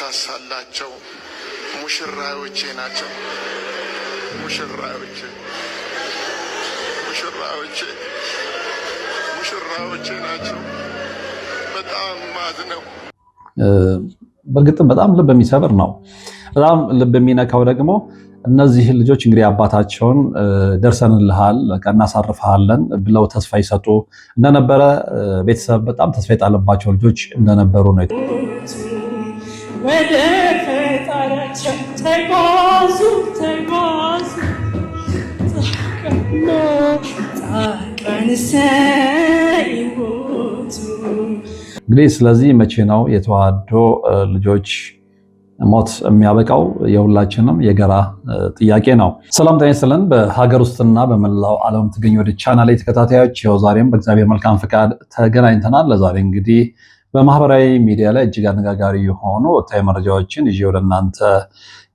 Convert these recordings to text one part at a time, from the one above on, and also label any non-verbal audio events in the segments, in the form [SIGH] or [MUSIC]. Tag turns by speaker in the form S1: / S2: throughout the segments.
S1: ሳሳላቸው ሙሽራዮቼ ናቸው። ሙሽራዮቼ ሙሽራዮቼ ሙሽራዮቼ ናቸው። በጣም ማዝ ነው።
S2: በእርግጥም በጣም ልብ የሚሰብር ነው። በጣም ልብ የሚነካው ደግሞ እነዚህ ልጆች እንግዲህ አባታቸውን ደርሰንልሃል እናሳርፈሃለን ብለው ተስፋ ይሰጡ እንደነበረ ቤተሰብ በጣም ተስፋ የጣለባቸው ልጆች እንደነበሩ ነው። ወደ ፈጣሪያቸው ተጓዙ ተጓዙ ጻድቃን ጻድቃንሰ ይሞቱ። እንግዲህ ስለዚህ መቼ ነው የተዋህዶ ልጆች ሞት የሚያበቃው የሁላችንም የጋራ ጥያቄ ነው። ሰላም ጤና ይስጥልን። በሀገር ውስጥና በመላው ዓለም ትገኙ ወደ ቻናሌ ተከታታዮች፣ ይኸው ዛሬም በእግዚአብሔር መልካም ፈቃድ ተገናኝተናል። ለዛሬ እንግዲህ በማህበራዊ ሚዲያ ላይ እጅግ አነጋጋሪ የሆኑ ወቅታዊ መረጃዎችን ይዤ ወደ እናንተ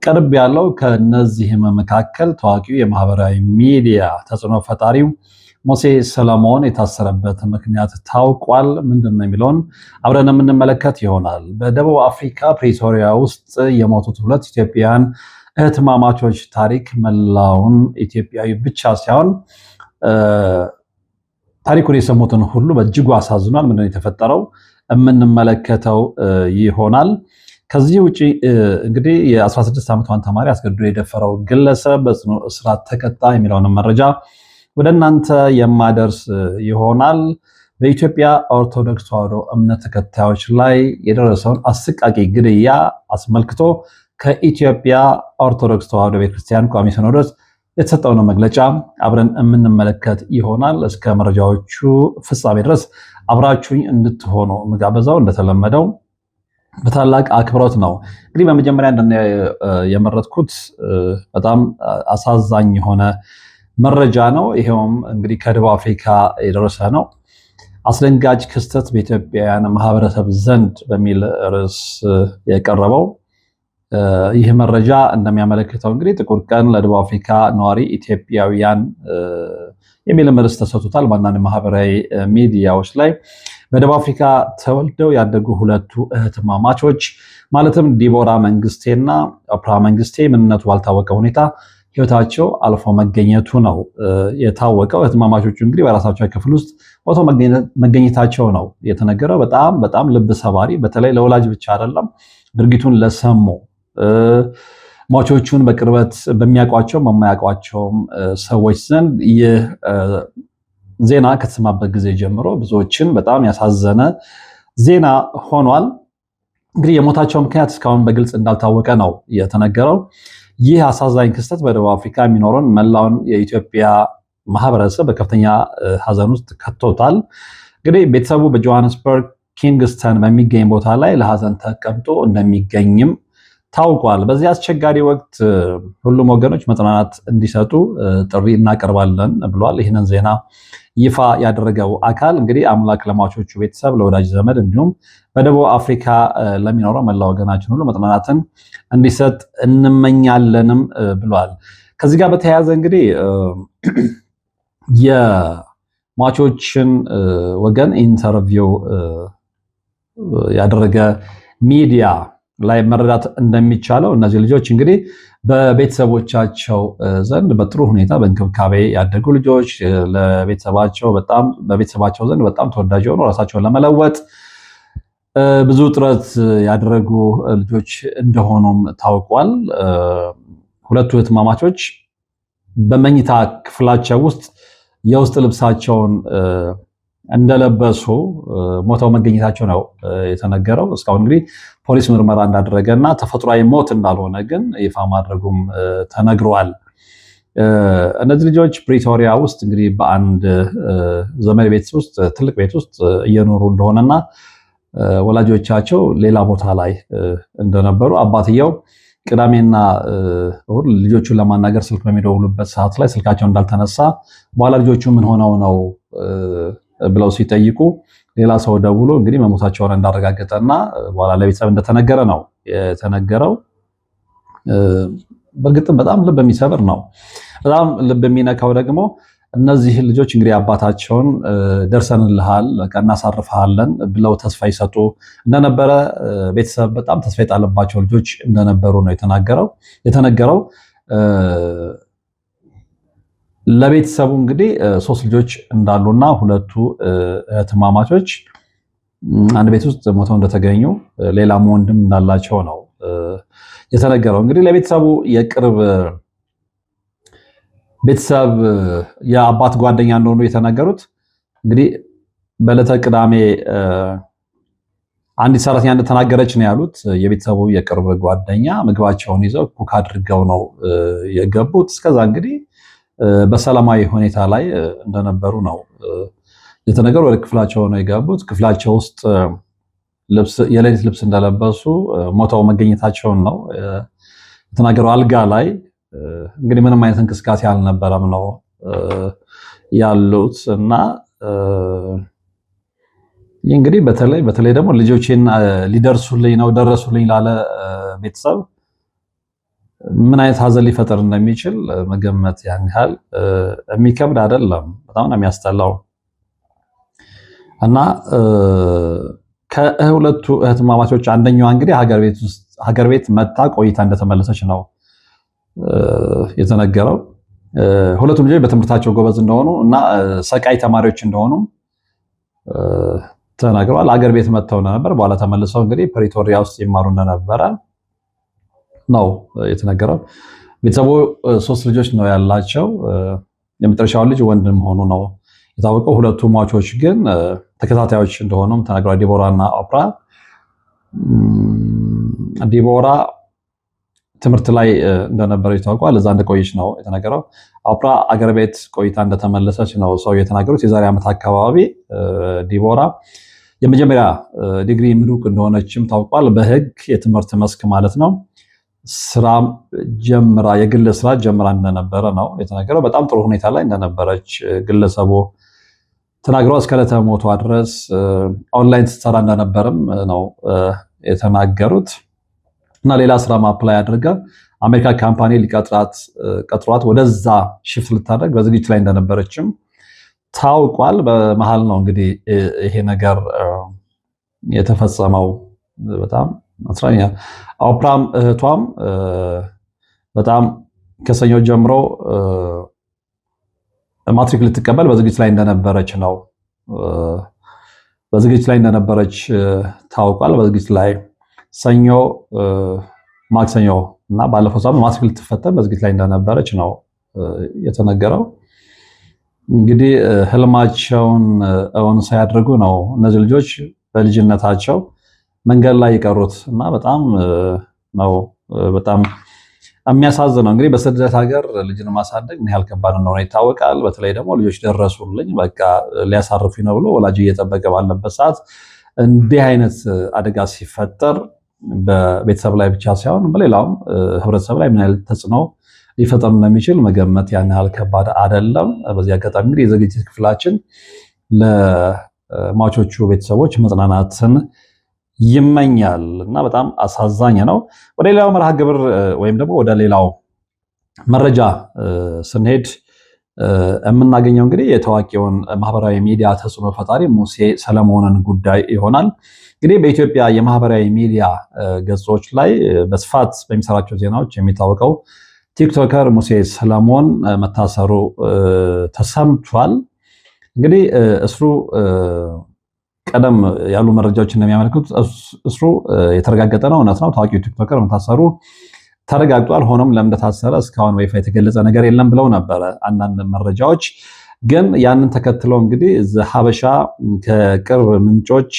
S2: ቅርብ ያለው ከነዚህም መካከል ታዋቂው የማህበራዊ ሚዲያ ተጽዕኖ ፈጣሪው ሙሴ ሰለሞን የታሰረበት ምክንያት ታውቋል። ምንድን ነው የሚለውን አብረን የምንመለከት ይሆናል። በደቡብ አፍሪካ ፕሪቶሪያ ውስጥ የሞቱት ሁለት ኢትዮጵያውያን እህትማማቾች ታሪክ መላውን ኢትዮጵያዊ ብቻ ሳይሆን ታሪኩን የሰሙትን ሁሉ በእጅጉ አሳዝኗል። ነው የተፈጠረው የምንመለከተው ይሆናል። ከዚህ ውጪ እንግዲህ የ16 ዓመቷን ተማሪ አስገድዶ የደፈረው ግለሰብ በጽኑ እስራት ተቀጣ የሚለውንም መረጃ ወደ እናንተ የማደርስ ይሆናል። በኢትዮጵያ ኦርቶዶክስ ተዋሕዶ እምነት ተከታዮች ላይ የደረሰውን አሰቃቂ ግድያ አስመልክቶ ከኢትዮጵያ ኦርቶዶክስ ተዋሕዶ ቤተክርስቲያን ቋሚ ሲኖዶስ የተሰጠው ነው መግለጫ አብረን የምንመለከት ይሆናል። እስከ መረጃዎቹ ፍጻሜ ድረስ አብራችሁኝ እንድትሆኑ ምጋበዛው እንደተለመደው በታላቅ አክብሮት ነው። እንግዲህ በመጀመሪያ እንደ የመረጥኩት በጣም አሳዛኝ የሆነ መረጃ ነው። ይሄውም እንግዲህ ከደቡብ አፍሪካ የደረሰ ነው። አስደንጋጭ ክስተት በኢትዮጵያውያን ማህበረሰብ ዘንድ በሚል ርዕስ የቀረበው ይህ መረጃ እንደሚያመለክተው እንግዲህ ጥቁር ቀን ለደቡብ አፍሪካ ነዋሪ ኢትዮጵያውያን የሚል ርዕስ ተሰጥቶታል። በአንዳንድ ማህበራዊ ሚዲያዎች ላይ በደቡብ አፍሪካ ተወልደው ያደጉ ሁለቱ እህትማማቾች ማለትም ዲቦራ መንግስቴና ኦፕራ መንግስቴ ምንነቱ ባልታወቀ ሁኔታ ህይወታቸው አልፎ መገኘቱ ነው የታወቀው። እህትማማቾቹ እንግዲህ በራሳቸው ክፍል ውስጥ ሞቶ መገኘታቸው ነው የተነገረው። በጣም በጣም ልብ ሰባሪ፣ በተለይ ለወላጅ ብቻ አይደለም ድርጊቱን ለሰሙ ሟቾቹን በቅርበት በሚያውቋቸው በማያውቋቸውም ሰዎች ዘንድ ይህ ዜና ከተሰማበት ጊዜ ጀምሮ ብዙዎችን በጣም ያሳዘነ ዜና ሆኗል። እንግዲህ የሞታቸው ምክንያት እስካሁን በግልጽ እንዳልታወቀ ነው የተነገረው። ይህ አሳዛኝ ክስተት በደቡብ አፍሪካ የሚኖረውን መላውን የኢትዮጵያ ማህበረሰብ በከፍተኛ ሀዘን ውስጥ ከቶታል። እንግዲህ ቤተሰቡ በጆሃንስበርግ ኪንግስተን በሚገኝ ቦታ ላይ ለሀዘን ተቀምጦ እንደሚገኝም ታውቋል። በዚህ አስቸጋሪ ወቅት ሁሉም ወገኖች መጽናናት እንዲሰጡ ጥሪ እናቀርባለን ብሏል። ይህንን ዜና ይፋ ያደረገው አካል እንግዲህ አምላክ ለሟቾቹ ቤተሰብ፣ ለወዳጅ ዘመድ እንዲሁም በደቡብ አፍሪካ ለሚኖረው መላ ወገናችን ሁሉ መጽናናትን እንዲሰጥ እንመኛለንም ብሏል። ከዚህ ጋር በተያያዘ እንግዲህ [CLEARS THROAT] የሟቾችን ወገን ኢንተርቪው ያደረገ ሚዲያ ላይ መረዳት እንደሚቻለው እነዚህ ልጆች እንግዲህ በቤተሰቦቻቸው ዘንድ በጥሩ ሁኔታ በእንክብካቤ ያደጉ ልጆች ለቤተሰባቸው በጣም በቤተሰባቸው ዘንድ በጣም ተወዳጅ የሆኑ ራሳቸውን ለመለወጥ ብዙ ጥረት ያደረጉ ልጆች እንደሆኑም ታውቋል። ሁለቱ እህትማማቾች በመኝታ ክፍላቸው ውስጥ የውስጥ ልብሳቸውን እንደለበሱ ሞተው መገኘታቸው ነው የተነገረው። እስካሁን እንግዲህ ፖሊስ ምርመራ እንዳደረገ እና ተፈጥሯዊ ሞት እንዳልሆነ ግን ይፋ ማድረጉም ተነግሯል። እነዚህ ልጆች ፕሪቶሪያ ውስጥ እንግዲህ በአንድ ዘመድ ቤት ውስጥ ትልቅ ቤት ውስጥ እየኖሩ እንደሆነና ወላጆቻቸው ሌላ ቦታ ላይ እንደነበሩ አባትየው ቅዳሜና እሁድ ልጆቹን ለማናገር ስልክ በሚደውሉበት ሰዓት ላይ ስልካቸው እንዳልተነሳ በኋላ ልጆቹ ምን ሆነው ነው ብለው ሲጠይቁ ሌላ ሰው ደውሎ እንግዲህ መሞታቸውን እንዳረጋገጠና በኋላ ለቤተሰብ እንደተነገረ ነው የተነገረው። በእርግጥም በጣም ልብ የሚሰብር ነው። በጣም ልብ የሚነካው ደግሞ እነዚህ ልጆች እንግዲህ አባታቸውን ደርሰንልሃል፣ በቃ እናሳርፈሃለን ብለው ተስፋ ይሰጡ እንደነበረ ቤተሰብ በጣም ተስፋ የጣለባቸው ልጆች እንደነበሩ ነው የተናገረው የተነገረው። ለቤተሰቡ እንግዲህ ሶስት ልጆች እንዳሉና ሁለቱ እህትማማቾች አንድ ቤት ውስጥ ሞተው እንደተገኙ ሌላም ወንድም እንዳላቸው ነው የተነገረው። እንግዲህ ለቤተሰቡ የቅርብ ቤተሰብ የአባት ጓደኛ እንደሆኑ የተነገሩት እንግዲህ በዕለተ ቅዳሜ አንዲት ሰራተኛ እንደተናገረች ነው ያሉት። የቤተሰቡ የቅርብ ጓደኛ ምግባቸውን ይዘው ኩክ አድርገው ነው የገቡት። እስከዛ እንግዲህ በሰላማዊ ሁኔታ ላይ እንደነበሩ ነው የተነገሩ። ወደ ክፍላቸው ነው የገቡት። ክፍላቸው ውስጥ የሌሊት ልብስ እንደለበሱ ሞተው መገኘታቸውን ነው የተናገረው። አልጋ ላይ እንግዲህ ምንም አይነት እንቅስቃሴ አልነበረም ነው ያሉት እና ይህ እንግዲህ በተለይ በተለይ ደግሞ ልጆቼን ሊደርሱልኝ ነው ደረሱልኝ ላለ ቤተሰብ ምን አይነት ሀዘን ሊፈጠር እንደሚችል መገመት ያን ያህል የሚከብድ አይደለም። በጣም ነው የሚያስጠላው እና ከሁለቱ እህትማማቾች አንደኛዋ እንግዲህ ሀገር ቤት መታ ቆይታ እንደተመለሰች ነው የተነገረው። ሁለቱም ልጆች በትምህርታቸው ጎበዝ እንደሆኑ እና ሰቃይ ተማሪዎች እንደሆኑ ተናግረዋል። ሀገር ቤት መጥተው እንደነበር በኋላ ተመልሰው እንግዲህ ፕሪቶሪያ ውስጥ ይማሩ እንደነበረ ነው የተነገረው። ቤተሰቡ ሶስት ልጆች ነው ያላቸው። የመጨረሻውን ልጅ ወንድ መሆኑ ነው የታወቀው። ሁለቱ ሟቾች ግን ተከታታዮች እንደሆኑም ተነግሯል። ዲቦራ እና ኦፕራ። ዲቦራ ትምህርት ላይ እንደነበረች ታውቋል። እዛ እንደቆየች ነው የተነገረው። ኦፕራ አገር ቤት ቆይታ እንደተመለሰች ነው ሰው የተናገሩት። የዛሬ ዓመት አካባቢ ዲቦራ የመጀመሪያ ዲግሪ ምሩቅ እንደሆነችም ታውቋል። በህግ የትምህርት መስክ ማለት ነው። ስራ ጀምራ የግል ስራ ጀምራ እንደነበረ ነው የተነገረው። በጣም ጥሩ ሁኔታ ላይ እንደነበረች ግለሰቡ ተናግረው እስከ ዕለተ ሞቷ ድረስ ኦንላይን ስትሰራ እንደነበርም ነው የተናገሩት እና ሌላ ስራ ማፕላይ አድርጋ አሜሪካ ካምፓኒ ቀጥሯት ወደዛ ሽፍት ልታደርግ በዝግጅት ላይ እንደነበረችም ታውቋል። በመሀል ነው እንግዲህ ይሄ ነገር የተፈጸመው በጣም ኦፕራም እህቷም በጣም ከሰኞ ጀምሮ ማትሪክ ልትቀበል በዝግጅት ላይ እንደነበረች ነው በዝግጅት ላይ እንደነበረች ታውቋል። በዝግጅት ላይ ሰኞ፣ ማክሰኞ እና ባለፈው ሳምንት ማትሪክ ልትፈተን በዝግጅት ላይ እንደነበረች ነው የተነገረው። እንግዲህ ህልማቸውን እውን ሳያደርጉ ነው እነዚህ ልጆች በልጅነታቸው መንገድ ላይ የቀሩት እና በጣም ነው በጣም የሚያሳዝነው። እንግዲህ በስደት ሀገር ልጅን ማሳደግ ምን ያህል ከባድ እንደሆነ ይታወቃል። በተለይ ደግሞ ልጆች ደረሱልኝ በቃ ሊያሳርፉ ነው ብሎ ወላጅ እየጠበቀ ባለበት ሰዓት እንዲህ አይነት አደጋ ሲፈጠር በቤተሰብ ላይ ብቻ ሳይሆን በሌላውም ህብረተሰብ ላይ ምን ያህል ተጽዕኖ ሊፈጠር እንደሚችል መገመት ያን ያህል ከባድ አደለም። በዚህ አጋጣሚ እንግዲህ የዝግጅት ክፍላችን ለሟቾቹ ቤተሰቦች መጽናናትን ይመኛል እና በጣም አሳዛኝ ነው። ወደ ሌላው መርሃ ግብር ወይም ደግሞ ወደ ሌላው መረጃ ስንሄድ የምናገኘው እንግዲህ የታዋቂውን ማህበራዊ ሚዲያ ተጽዕኖ ፈጣሪ ሙሴ ሰለሞንን ጉዳይ ይሆናል። እንግዲህ በኢትዮጵያ የማህበራዊ ሚዲያ ገጾች ላይ በስፋት በሚሰራቸው ዜናዎች የሚታወቀው ቲክቶከር ሙሴ ሰለሞን መታሰሩ ተሰምቷል። እንግዲህ እስሩ ቀደም ያሉ መረጃዎች እንደሚያመለክቱት እስሩ የተረጋገጠ ነው፣ እውነት ነው። ታዋቂው ቲክቶከር መታሰሩ ተረጋግጧል። ሆኖም ለምንደታሰረ እስካሁን በይፋ የተገለጸ ነገር የለም ብለው ነበረ አንዳንድ መረጃዎች። ግን ያንን ተከትለው እንግዲህ ሀበሻ ከቅርብ ምንጮች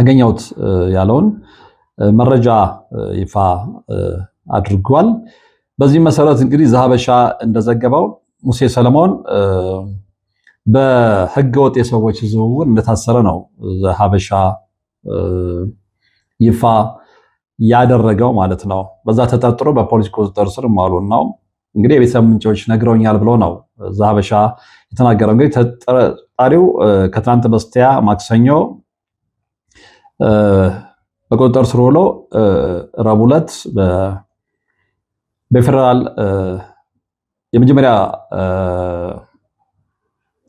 S2: አገኘሁት ያለውን መረጃ ይፋ አድርጓል። በዚህ መሰረት እንግዲህ ዘሀበሻ እንደዘገበው ሙሴ ሰለሞን በህገወጥ የሰዎች ዝውውር እንደታሰረ ነው ሀበሻ ይፋ ያደረገው ማለት ነው። በዛ ተጠርጥሮ በፖሊስ ቁጥጥር ስር መዋሉን ነው እንግዲህ የቤተሰብ ምንጮች ነግረውኛል ብሎ ነው እዛ ሀበሻ የተናገረው። እንግዲህ ተጠርጣሪው ከትናንት በስቲያ ማክሰኞ በቁጥጥር ስር ውሎ ረቡዕ ዕለት በፌደራል የመጀመሪያ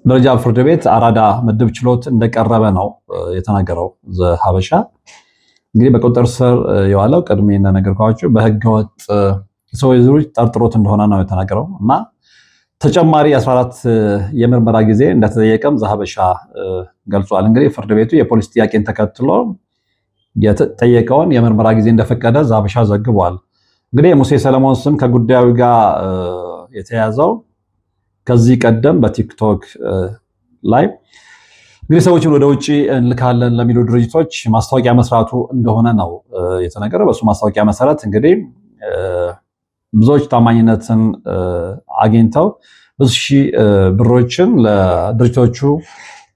S2: ደረጃ ፍርድ ቤት አራዳ ምድብ ችሎት እንደቀረበ ነው የተናገረው። ሀበሻ እንግዲህ በቁጥር ስር የዋለው ቅድሜ እንደነገርኳችሁ በህገወጥ የሰው ዝሮች ጠርጥሮት እንደሆነ ነው የተናገረው እና ተጨማሪ 14 የምርመራ ጊዜ እንደተጠየቀም ዘሀበሻ ገልጿል። እንግዲህ ፍርድ ቤቱ የፖሊስ ጥያቄን ተከትሎ የተጠየቀውን የምርመራ ጊዜ እንደፈቀደ ዘሀበሻ ዘግቧል። እንግዲህ የሙሴ ሰለሞን ስም ከጉዳዩ ጋር የተያዘው ከዚህ ቀደም በቲክቶክ ላይ እንግዲህ ሰዎችን ወደ ውጭ እንልካለን ለሚሉ ድርጅቶች ማስታወቂያ መስራቱ እንደሆነ ነው የተነገረ። በእሱ ማስታወቂያ መሰረት እንግዲህ ብዙዎች ታማኝነትን አግኝተው ብዙ ሺህ ብሮችን ለድርጅቶቹ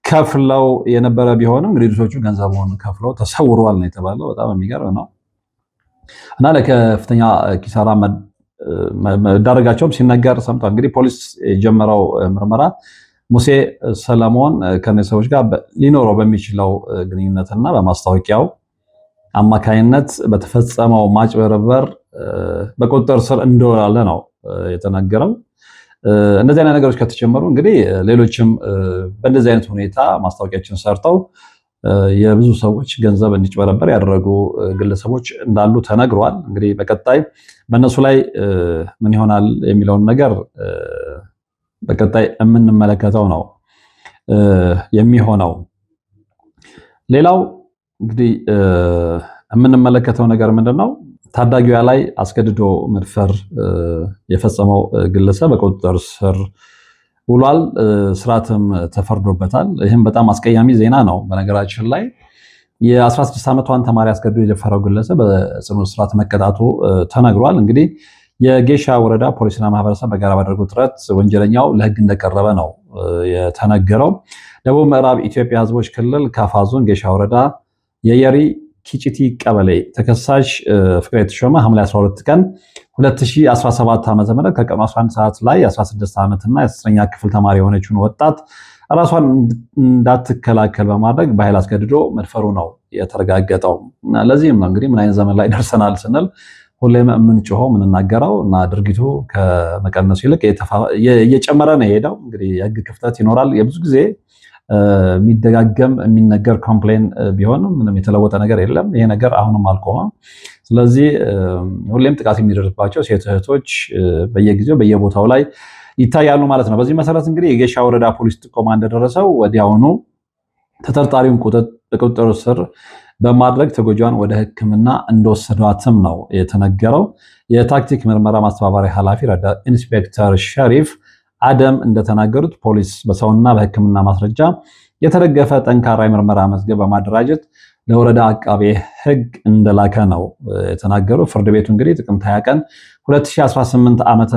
S2: ከፍለው የነበረ ቢሆንም እንግዲህ ድርጅቶቹ ገንዘቡን ከፍለው ተሰውረዋል ነው የተባለው። በጣም የሚገርም ነው እና ለከፍተኛ ኪሳራ መዳረጋቸውም ሲነገር ሰምቷል። እንግዲህ ፖሊስ የጀመረው ምርመራ ሙሴ ሰለሞን ከነዚህ ሰዎች ጋር ሊኖረው በሚችለው ግንኙነትና በማስታወቂያው አማካይነት በተፈጸመው ማጭበርበር በቁጥጥር ስር እንደዋለ ነው የተነገረው። እነዚህ አይነት ነገሮች ከተጀመሩ እንግዲህ ሌሎችም በእንደዚህ አይነት ሁኔታ ማስታወቂያችን ሰርተው የብዙ ሰዎች ገንዘብ እንዲጭበረበር ያደረጉ ግለሰቦች እንዳሉ ተነግሯል። እንግዲህ በቀጣይ በእነሱ ላይ ምን ይሆናል የሚለውን ነገር በቀጣይ የምንመለከተው ነው የሚሆነው። ሌላው እንግዲህ የምንመለከተው ነገር ምንድን ነው? ታዳጊዋ ላይ አስገድዶ መድፈር የፈጸመው ግለሰብ በቁጥጥር ስር ውሏል፣ ስርዓትም ተፈርዶበታል። ይህም በጣም አስቀያሚ ዜና ነው። በነገራችን ላይ የ16 ዓመቷን ተማሪ አስገድዶ የደፈረው ግለሰብ በጽኑ ስርዓት መቀጣቱ ተነግሯል። እንግዲህ የጌሻ ወረዳ ፖሊስና ማህበረሰብ በጋራ ባደረጉ ጥረት ወንጀለኛው ለህግ እንደቀረበ ነው የተነገረው። ደቡብ ምዕራብ ኢትዮጵያ ህዝቦች ክልል ካፋ ዞን ጌሻ ወረዳ የየሪ ኪጭቲ ቀበሌ ተከሳሽ ፍቅሬ የተሾመ ሐምሌ 12 ቀን 2017 ዓ ም ከቀኑ 11 ሰዓት ላይ 16 እና የአስረኛ ክፍል ተማሪ የሆነችውን ወጣት ራሷን እንዳትከላከል በማድረግ በኃይል አስገድዶ መድፈሩ ነው የተረጋገጠው። ለዚህም ነው እንግዲህ ምን አይነት ዘመን ላይ ደርሰናል ስንል ሁሌም የምንጮኸው የምንናገረው እና ድርጊቱ ከመቀነሱ ይልቅ እየጨመረ ነው የሄደው። እንግዲህ የህግ ክፍተት ይኖራል የብዙ ጊዜ የሚደጋገም የሚነገር ኮምፕሌን ቢሆንም ምንም የተለወጠ ነገር የለም። ይሄ ነገር አሁንም አልቆመም። ስለዚህ ሁሌም ጥቃት የሚደርስባቸው ሴት እህቶች በየጊዜው በየቦታው ላይ ይታያሉ ማለት ነው። በዚህ መሰረት እንግዲህ የጌሻ ወረዳ ፖሊስ ጥቆማ እንደደረሰው ወዲያውኑ ተጠርጣሪውን ቁጥጥር ስር በማድረግ ተጎጂዋን ወደ ሕክምና እንደወሰዷትም ነው የተነገረው። የታክቲክ ምርመራ ማስተባበሪያ ኃላፊ ረዳት ኢንስፔክተር ሸሪፍ አደም እንደተናገሩት ፖሊስ በሰውና በሕክምና ማስረጃ የተደገፈ ጠንካራ የምርመራ መዝገብ በማደራጀት ለወረዳ አቃቤ ሕግ እንደላከ ነው የተናገሩ። ፍርድ ቤቱ እንግዲህ ጥቅምት 20 ቀን 2018 ዓመተ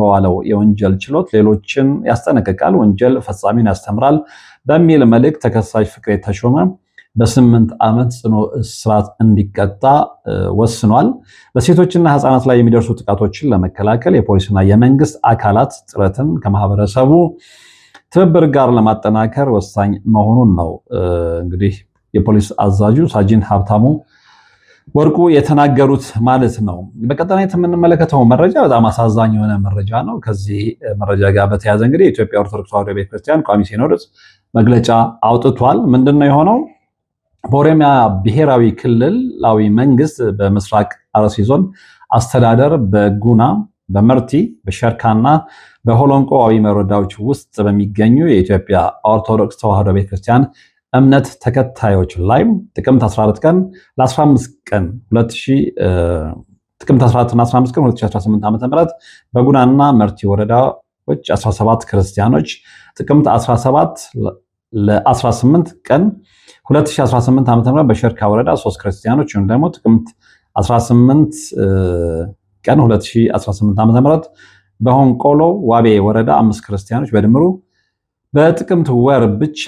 S2: በዋለው የወንጀል ችሎት ሌሎችን ያስጠነቅቃል፣ ወንጀል ፈጻሚን ያስተምራል በሚል መልእክት ተከሳሽ ፍቅሬ ተሾመ በስምንት ዓመት ጽኑ እስራት እንዲቀጣ ወስኗል። በሴቶችና ህፃናት ላይ የሚደርሱ ጥቃቶችን ለመከላከል የፖሊስና የመንግስት አካላት ጥረትን ከማህበረሰቡ ትብብር ጋር ለማጠናከር ወሳኝ መሆኑን ነው እንግዲህ የፖሊስ አዛዡ ሳጂን ሀብታሙ ወርቁ የተናገሩት ማለት ነው። በቀጠና የምንመለከተው መረጃ በጣም አሳዛኝ የሆነ መረጃ ነው። ከዚህ መረጃ ጋር በተያያዘ እንግዲህ የኢትዮጵያ ኦርቶዶክስ ተዋሕዶ ቤተክርስቲያን ቋሚ ሲኖዶስ መግለጫ አውጥቷል። ምንድን ነው የሆነው? በኦሮሚያ ብሔራዊ ክልላዊ መንግስት በምስራቅ አርሲ ዞን አስተዳደር በጉና በመርቲ በሸርካና በሆሎንቆ ዋዊመ ወረዳዎች ውስጥ በሚገኙ የኢትዮጵያ ኦርቶዶክስ ተዋህዶ ቤተክርስቲያን እምነት ተከታዮች ላይ ጥቅምት 14 ቀን ለ15 ቀን 2018 ዓ.ም በጉናና መርቲ ወረዳዎች 17 ክርስቲያኖች ጥቅምት 17 ለ18 ቀን 2018 ዓ.ም በሸርካ ወረዳ ሶስት ክርስቲያኖች ወይም ደግሞ ጥቅምት 18 ቀን 2018 ዓ.ም በሆንቆሎ ዋቤ ወረዳ አምስት ክርስቲያኖች በድምሩ በጥቅምት ወር ብቻ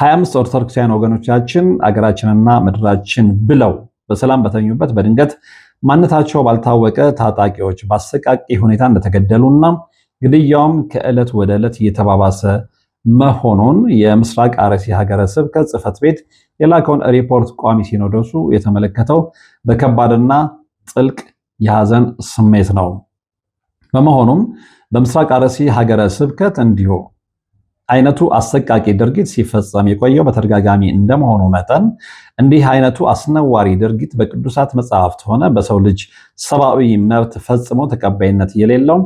S2: 25 ኦርቶዶክሳውያን ወገኖቻችን አገራችንና ምድራችን ብለው በሰላም በተኙበት በድንገት ማንነታቸው ባልታወቀ ታጣቂዎች በአሰቃቂ ሁኔታ እንደተገደሉና ግድያውም ከዕለት ወደ ዕለት እየተባባሰ መሆኑን የምስራቅ አርሲ ሀገረ ስብከት ጽሕፈት ቤት የላከውን ሪፖርት ቋሚ ሲኖዶሱ የተመለከተው በከባድና ጥልቅ የሐዘን ስሜት ነው። በመሆኑም በምስራቅ አርሲ ሀገረ ስብከት እንዲሁ አይነቱ አሰቃቂ ድርጊት ሲፈጸም የቆየው በተደጋጋሚ እንደመሆኑ መጠን እንዲህ አይነቱ አስነዋሪ ድርጊት በቅዱሳት መጽሐፍት ሆነ በሰው ልጅ ሰብአዊ መብት ፈጽሞ ተቀባይነት የሌለው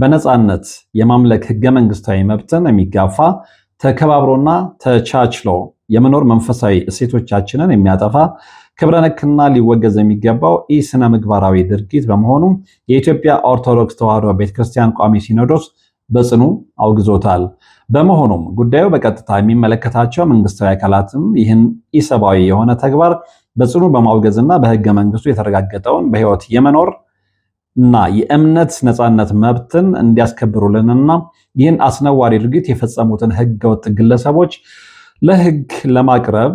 S2: በነፃነት የማምለክ ህገ መንግስታዊ መብትን የሚጋፋ ተከባብሮና ተቻችሎ የመኖር መንፈሳዊ እሴቶቻችንን የሚያጠፋ ክብረነክና ሊወገዝ የሚገባው ኢ ስነ ምግባራዊ ድርጊት በመሆኑ የኢትዮጵያ ኦርቶዶክስ ተዋሕዶ ቤተክርስቲያን ቋሚ ሲኖዶስ በጽኑ አውግዞታል። በመሆኑም ጉዳዩ በቀጥታ የሚመለከታቸው መንግስታዊ አካላትም ይህን ኢሰብአዊ የሆነ ተግባር በጽኑ በማውገዝና በህገ መንግስቱ የተረጋገጠውን በህይወት የመኖር እና የእምነት ነጻነት መብትን እንዲያስከብሩልንና ይህን አስነዋሪ ድርጊት የፈጸሙትን ህገወጥ ግለሰቦች ለህግ ለማቅረብ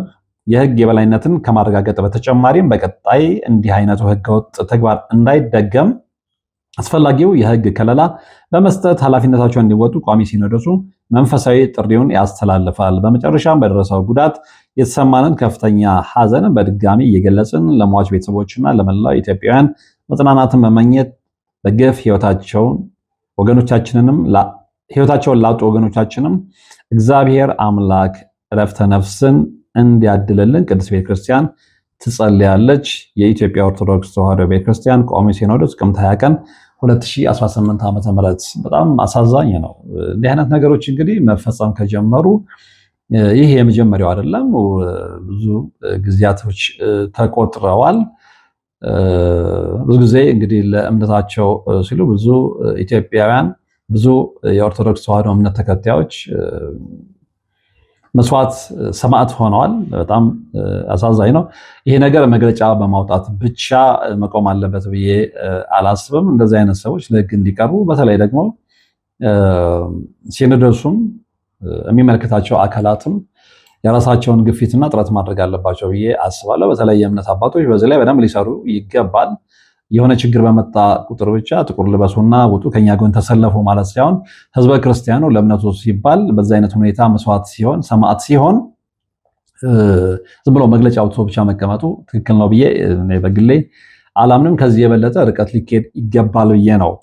S2: የህግ የበላይነትን ከማረጋገጥ በተጨማሪም በቀጣይ እንዲህ አይነቱ ህገወጥ ተግባር እንዳይደገም አስፈላጊው የህግ ከለላ በመስጠት ኃላፊነታቸውን እንዲወጡ ቋሚ ሲኖዶሱ መንፈሳዊ ጥሪውን ያስተላልፋል። በመጨረሻም በደረሰው ጉዳት የተሰማንን ከፍተኛ ሐዘንን በድጋሚ እየገለጽን ለሟች ቤተሰቦችና ለመላው ኢትዮጵያውያን መጽናናትን መመኘት በገፍ ህይወታቸውን ወገኖቻችንንም ህይወታቸውን ላጡ ወገኖቻችንም እግዚአብሔር አምላክ እረፍተ ነፍስን እንዲያድልልን ቅድስት ቤተክርስቲያን ትጸልያለች። የኢትዮጵያ ኦርቶዶክስ ተዋሕዶ ቤተክርስቲያን ቋሚ ሲኖዶስ ጥቅምት 20 ቀን 2018 ዓ.ም። በጣም አሳዛኝ ነው። እንዲህ አይነት ነገሮች እንግዲህ መፈጸም ከጀመሩ ይህ የመጀመሪያው አይደለም። ብዙ ጊዜያቶች ተቆጥረዋል። ብዙ ጊዜ እንግዲህ ለእምነታቸው ሲሉ ብዙ ኢትዮጵያውያን ብዙ የኦርቶዶክስ ተዋህዶ እምነት ተከታዮች መስዋዕት ሰማዕት ሆነዋል። በጣም አሳዛኝ ነው። ይሄ ነገር መግለጫ በማውጣት ብቻ መቆም አለበት ብዬ አላስብም። እንደዚህ አይነት ሰዎች ለህግ እንዲቀርቡ በተለይ ደግሞ ሲኖዶሱም የሚመለከታቸው አካላትም የራሳቸውን ግፊትና ጥረት ማድረግ አለባቸው ብዬ አስባለሁ። በተለይ የእምነት አባቶች በዚህ ላይ በደንብ ሊሰሩ ይገባል። የሆነ ችግር በመጣ ቁጥር ብቻ ጥቁር ልበሱና ውጡ ከኛ ጎን ተሰለፉ ማለት ሳይሆን ህዝበ ክርስቲያኑ ለእምነቱ ሲባል በዛ አይነት ሁኔታ መስዋዕት ሲሆን ሰማዕት ሲሆን ዝም ብሎ መግለጫ አውጥቶ ብቻ መቀመጡ ትክክል ነው ብዬ በግሌ አላምንም። ከዚህ የበለጠ ርቀት ሊኬድ ይገባል ብዬ ነው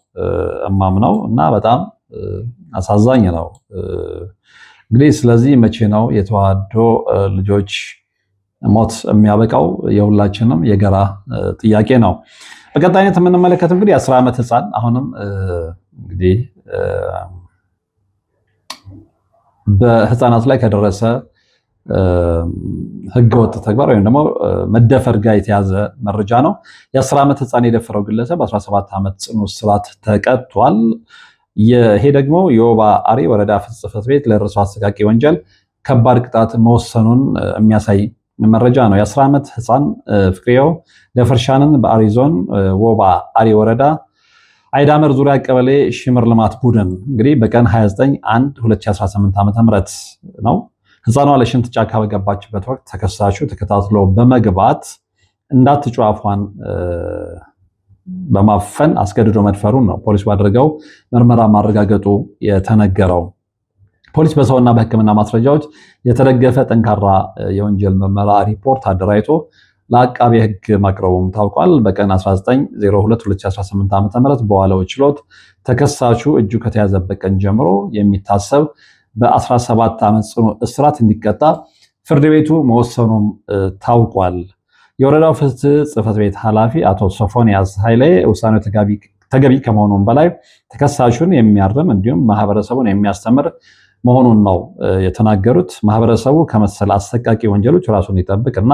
S2: እማምነው እና በጣም አሳዛኝ ነው። እንግዲህ ስለዚህ መቼ ነው የተዋህዶ ልጆች ሞት የሚያበቃው? የሁላችንም የጋራ ጥያቄ ነው። በቀጣይነት የምንመለከት እንግዲህ አስር ዓመት ህፃን አሁንም እንግዲህ በህፃናት ላይ ከደረሰ ህገወጥ ተግባር ወይም ደግሞ መደፈር ጋር የተያዘ መረጃ ነው። የአስር ዓመት ህፃን የደፈረው ግለሰብ በ17 ዓመት ጽኑ እስራት ተቀጥቷል። ይሄ ደግሞ የወባ አሪ ወረዳ ጽሕፈት ቤት ለርሶ አሰቃቂ ወንጀል ከባድ ቅጣት መወሰኑን የሚያሳይ መረጃ ነው። የ10 ዓመት ህፃን ፍቅሬው ደፈርሻንን በአሪዞን ወባ አሪ ወረዳ አይዳመር ዙሪያ ቀበሌ ሽምር ልማት ቡድን እንግዲህ በቀን 29 1 2018 ዓ.ም ነው ህፃኗ ለሽንት ጫካ በገባችበት ወቅት ተከሳሹ ተከታትሎ በመግባት እንዳትጩ አፏን በማፈን አስገድዶ መድፈሩን ነው ፖሊስ ባደረገው ምርመራ ማረጋገጡ የተነገረው። ፖሊስ በሰውና በሕክምና ማስረጃዎች የተደገፈ ጠንካራ የወንጀል ምርመራ ሪፖርት አደራጅቶ ለአቃቤ ሕግ ማቅረቡም ታውቋል። በቀን 19/02/2018 ዓ.ም በዋለው ችሎት ተከሳቹ እጁ ከተያዘበት ቀን ጀምሮ የሚታሰብ በ17 ዓመት ጽኑ እስራት እንዲቀጣ ፍርድ ቤቱ መወሰኑም ታውቋል። የወረዳው ፍትህ ጽህፈት ቤት ኃላፊ አቶ ሶፎንያስ ኃይሌ ውሳኔው ተገቢ ከመሆኑም በላይ ተከሳሹን የሚያርም እንዲሁም ማህበረሰቡን የሚያስተምር መሆኑን ነው የተናገሩት። ማህበረሰቡ ከመሰል አሰቃቂ ወንጀሎች ራሱን እንዲጠብቅ እና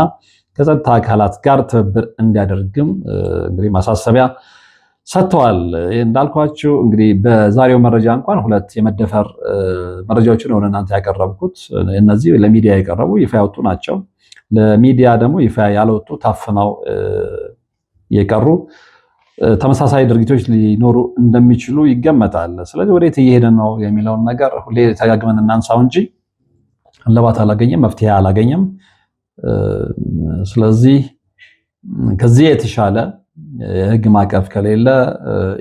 S2: ከጸጥታ አካላት ጋር ትብብር እንዲያደርግም እንግዲህ ማሳሰቢያ ሰጥተዋል። እንዳልኳችሁ እንግዲህ በዛሬው መረጃ እንኳን ሁለት የመደፈር መረጃዎችን ሆነ እናንተ ያቀረብኩት እነዚህ ለሚዲያ የቀረቡ ይፋ ያወጡ ናቸው። ለሚዲያ ደግሞ ይፋ ያልወጡ ታፍነው የቀሩ ተመሳሳይ ድርጊቶች ሊኖሩ እንደሚችሉ ይገመታል። ስለዚህ ወዴት እየሄደ ነው የሚለውን ነገር ሁሌ ተጋግመን እናንሳው እንጂ እልባት አላገኘም፣ መፍትሄ አላገኘም። ስለዚህ ከዚህ የተሻለ የህግ ማዕቀፍ ከሌለ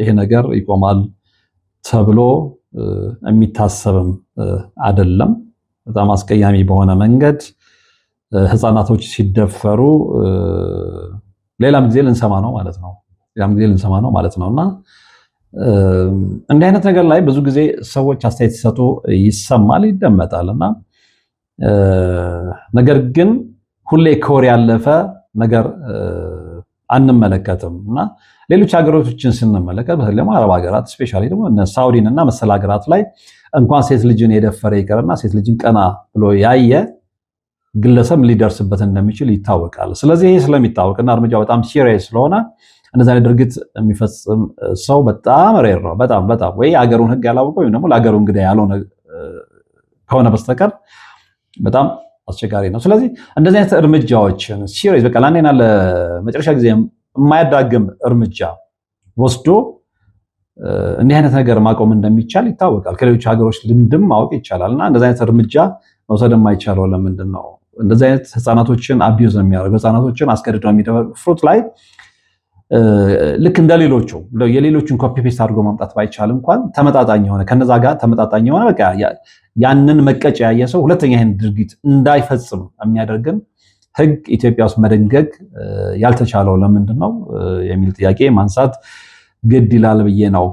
S2: ይሄ ነገር ይቆማል ተብሎ የሚታሰብም አይደለም። በጣም አስቀያሚ በሆነ መንገድ ህፃናቶች ሲደፈሩ ሌላም ጊዜ ልንሰማ ነው ማለት ነው። ሌላም ጊዜ ልንሰማ ነው ማለት ነው እና እንዲህ አይነት ነገር ላይ ብዙ ጊዜ ሰዎች አስተያየት ሲሰጡ ይሰማል፣ ይደመጣል እና ነገር ግን ሁሌ ከወር ያለፈ ነገር አንመለከትም እና ሌሎች ሀገሮችን ስንመለከት በተለይ ደግሞ አረብ ሀገራት ስፔሻሊ ደግሞ ሳውዲን እና መሰል ሀገራት ላይ እንኳን ሴት ልጅን የደፈረ ይቅርና ሴት ልጅን ቀና ብሎ ያየ ግለሰብ ሊደርስበት እንደሚችል ይታወቃል። ስለዚህ ይህ ስለሚታወቅና እርምጃ በጣም ሲሪየስ ስለሆነ እንደዚህ አይነት ድርጊት የሚፈጽም ሰው በጣም ሬር ነው። በጣም በጣም ወይ አገሩን ህግ ያላወቀ ወይም ደግሞ ለአገሩ እንግዳ ያልሆነ ከሆነ በስተቀር በጣም አስቸጋሪ ነው። ስለዚህ እንደዚህ አይነት እርምጃዎችን ሲሪየስ በቃ ለአንዴና ለመጨረሻ ጊዜ የማያዳግም እርምጃ ወስዶ እንዲህ አይነት ነገር ማቆም እንደሚቻል ይታወቃል። ከሌሎች ሀገሮች ልምድም ማወቅ ይቻላል እና እንደዚህ አይነት እርምጃ መውሰድ የማይቻለው ለምንድን ነው? እንደዚህ አይነት ህፃናቶችን አቢዩዝ ነው የሚያደርገው። ህፃናቶችን አስገድድ ነው ፍሩት ላይ ልክ እንደ ሌሎቹ የሌሎችን ኮፒ ፔስት አድርጎ ማምጣት ባይቻል እንኳን ተመጣጣኝ የሆነ ከነዛ ጋር ተመጣጣኝ የሆነ በቃ ያንን መቀጫ ያየ ሰው ሁለተኛ ይህን ድርጊት እንዳይፈጽም የሚያደርግን ህግ ኢትዮጵያ ውስጥ መደንገግ ያልተቻለው ለምንድን ነው የሚል ጥያቄ ማንሳት ግድ ይላል ብዬ ነው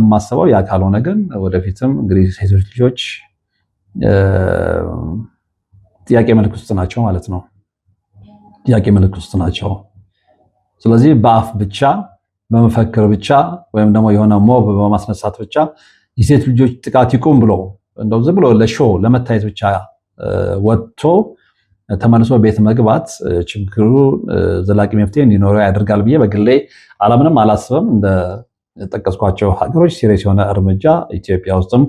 S2: የማስበው። ያ ካልሆነ ግን ወደፊትም እንግዲህ ሴቶች ልጆች ጥያቄ መልክ ውስጥ ናቸው ማለት ነው። ጥያቄ መልክ ውስጥ ናቸው። ስለዚህ በአፍ ብቻ በመፈክር ብቻ ወይም ደግሞ የሆነ ሞብ በማስነሳት ብቻ የሴት ልጆች ጥቃት ይቁም ብሎ እንደው ዝም ብሎ ለሾ ለመታየት ብቻ ወጥቶ ተመልሶ ቤት መግባት ችግሩ ዘላቂ መፍትሄ እንዲኖረው ያደርጋል ብዬ በግሌ አላምንም አላስብም። እንደጠቀስኳቸው ሀገሮች ሲሪየስ የሆነ እርምጃ ኢትዮጵያ ውስጥም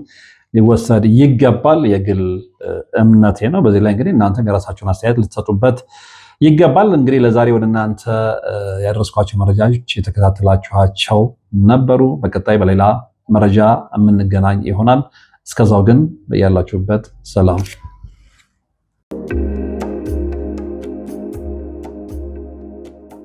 S2: ሊወሰድ ይገባል የግል እምነቴ ነው። በዚህ ላይ እንግዲህ እናንተም የራሳችሁን አስተያየት ልትሰጡበት ይገባል። እንግዲህ ለዛሬ ወደ እናንተ ያደረስኳቸው መረጃዎች የተከታተላችኋቸው ነበሩ። በቀጣይ በሌላ መረጃ የምንገናኝ ይሆናል። እስከዛው ግን ያላችሁበት ሰላም